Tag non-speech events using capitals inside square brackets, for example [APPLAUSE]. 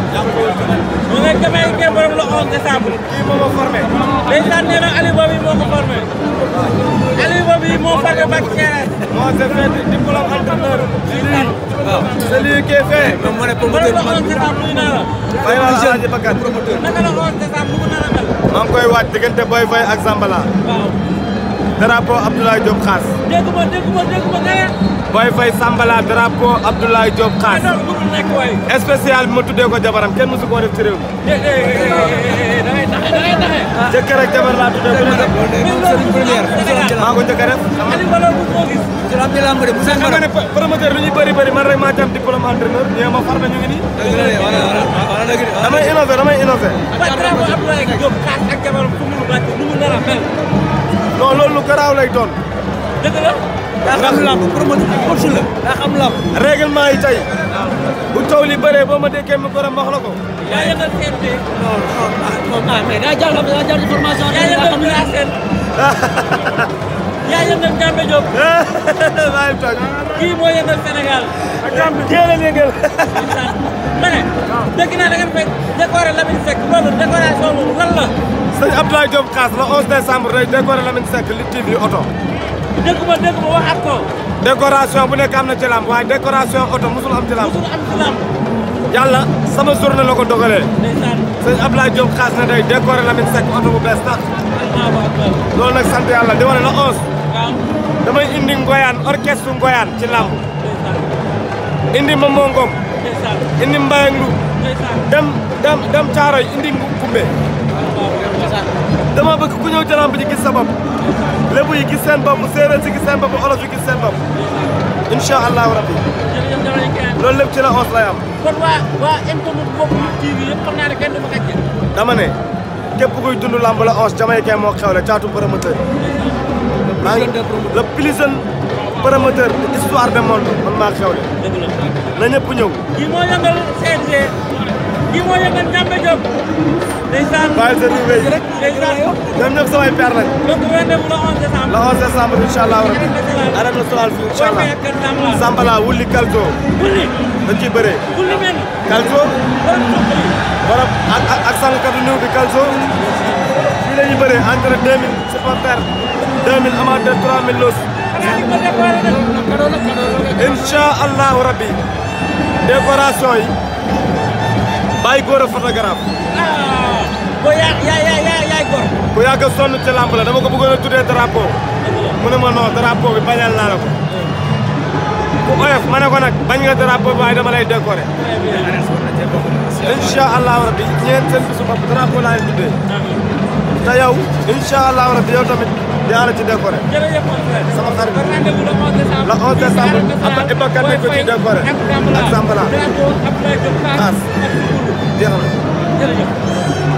mu a damay kii borom le 11 décembre. kii moo ma formé. ndeysaan nee na Aliou moo ko formé. Aliou boobu moo formé moo se fait diplôme entraîneur. waaw celui qui est fait. moom moo ne promoteur bi man naka la 11 décembre bëgg na la koy waaj diggante Boy ak Zambala. drapeau Abdoulaye Diop Khass. dégguma dégguma dégguma dara. Boy Faye Sambala drapeau Abdoulaye Diop Khass. spécial bi ma tuddee ko jabaram kenn mësu koo def ci réew mi. jëkkër ak jabar laa tuddee ko. maa ko jëkkër def. xam nga ne promoteur lu ñuy bëri bëri man rek maa ci am diplôme entraîneur ñee ma far na ñu ngi nii. damay innové damay innové. ak jabaram fu mu nu mu nar a mel. non loolu lu garaaw lay doon. dëgg la. daa xam la. daa xam làmb. règlement yi tey bu taw li ma déggee mu borom wax la ko. yaa yëngal CNT. non non ah mais daa jàll daa jàll formation. yaa yëngal CNT. yaa yëngal Gambie Diop. [LAUGHS] maa a [LAUGHS] Abdoulaye Diop Khass le 11 décembre day décorer Lamine Seck li TV oto. déggu ma déggu bu nekk am na ci lamb waaye décoration oto musul am ci lamb. sama journée la ko dogalee. ndeysaan sëñ Abdoulaye Diop Khass ne day décorer Lamine Seck oto bu bees tax. loolu nag sant yàlla di wane le 11. indi ngoyaan orchestre ngoyaan ci lamb. indi Momo Ngom. indi Mbaye dem dem Caaroy indi Kumbe. dama bëgg ku ñëw ci lamb ji gis yi gis seen bopp séeréer si gis seen bopp olof yi gis seen bopp incha allahu rabbi loolu lépp ci la os lay dama ne képp kuy lamb la os jamaïcain moo xewle caatu promoteur. maa ngi le plus jeune promoteur de histoire maa xewle. dëgg la na ñëpp ñëw. kii moo yëngal kii moo yëngal Ndiamé Diop. ndeysaan bàyyi sa réew mi ndeysaan ñoom ñëpp samay père lañ. donc rendez-vous le 11 décembre. le 11 décembre incha allah rabi. arène nationale fii incha allah. Sambala wulli Kalto. wulli dañ ciy bëree. wulli men Kalto. borom ak ak ak sànqkatu néew bi Kalto. fii la ñuy bëree entre 2000 supporters 2000 amateurs 3000 los. incha allah rabi décoration yi. ay góor a photographe. Ah, boo yaa yaa yaa yaay góor. bu yàgg sonn ci lamb la dama ko bëggoon a tuddee drapeau. mu ne ma non drapeau bi bañal naa ko. bu oyof ma ko nag bañ nga drapeau bi waaye dama lay décorer. incha allahu rabi ñeent seen bisu bopp drapeau laa leen tuddee. te yow incha allahu rabi yow tamit yaa la ci la 11 décembre am na Iba Kane ko ci décoré ak Sambala. 别上了，别上了。